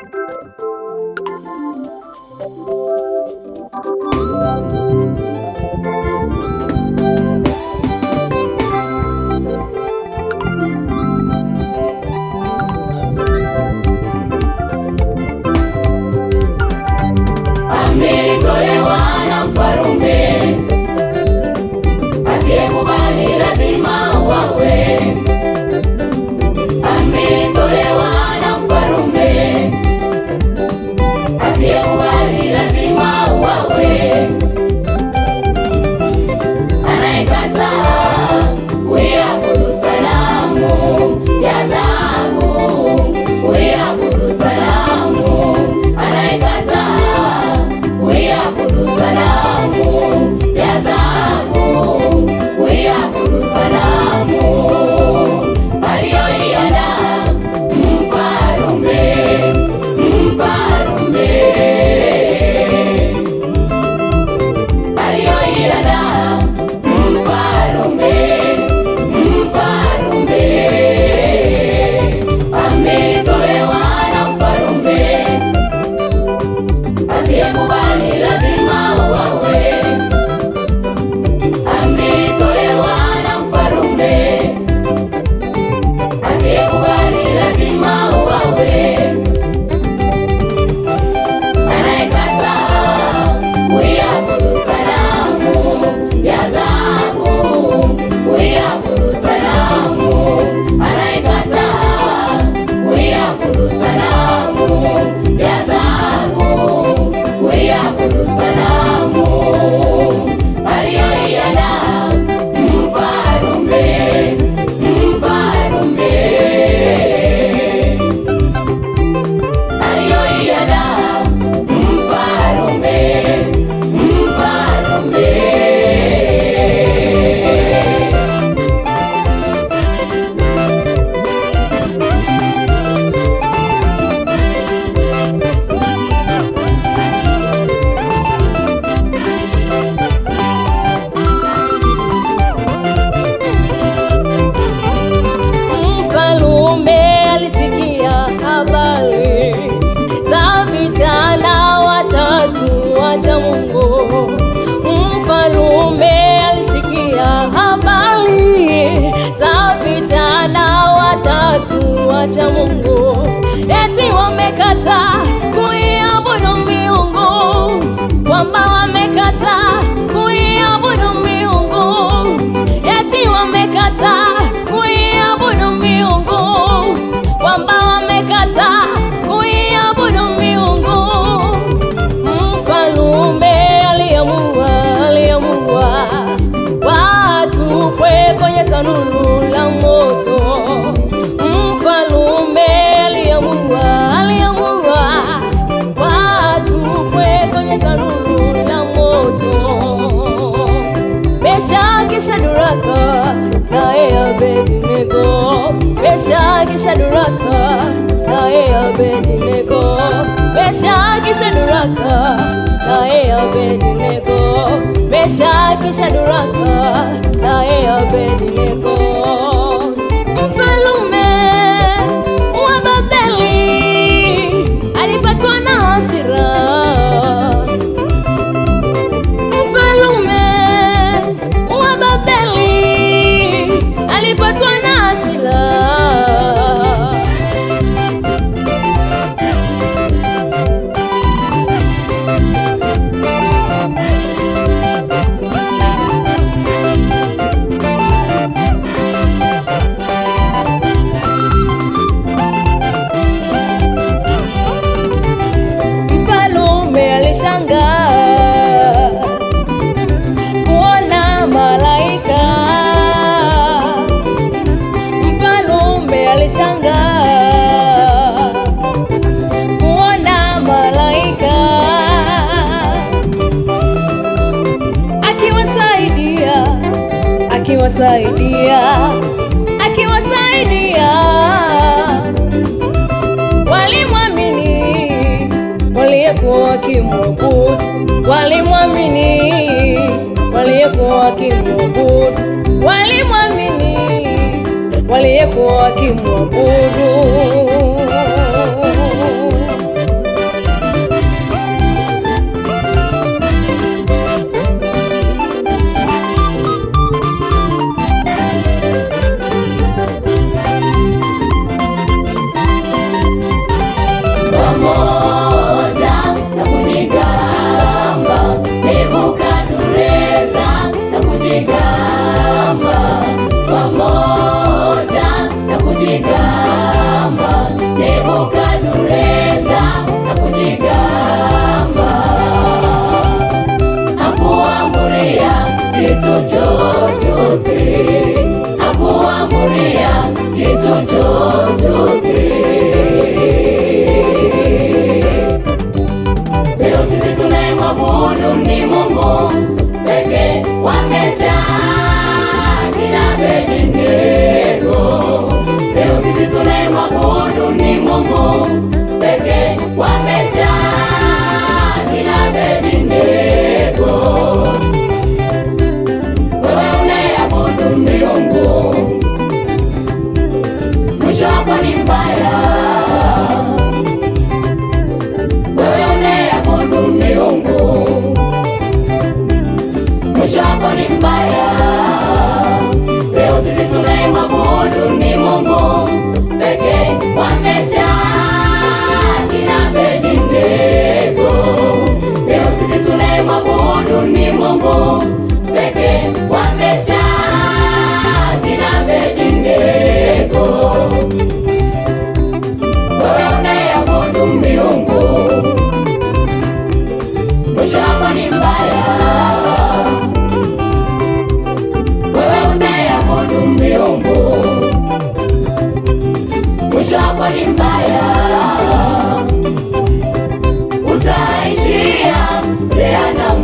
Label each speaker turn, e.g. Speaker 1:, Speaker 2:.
Speaker 1: Thank you. salamu
Speaker 2: cha Mungu, eti wamekataa kuiabudu miungu, kwamba wamekataa kuiabudu miungu, eti wamekataa kuiabudu miungu, kwamba wamekataa kuiabudu miungu. Mfalme aliamua aliamua watu kwe kwenye tanuru Shadraka na Abednego, Meshaki, Shadraka na Abednego, Meshaki, Shadraka na Abednego, Meshaki, Shadraka na Abednego nanga kuona malaika, mfalume alishanga kuona malaika akiwasaidia akiwasaidia waliyekuwa wakimwabudu walimwamini, waliyekuwa wakimwabudu walimwamini, waliyekuwa wakimwabudu Utaishia tena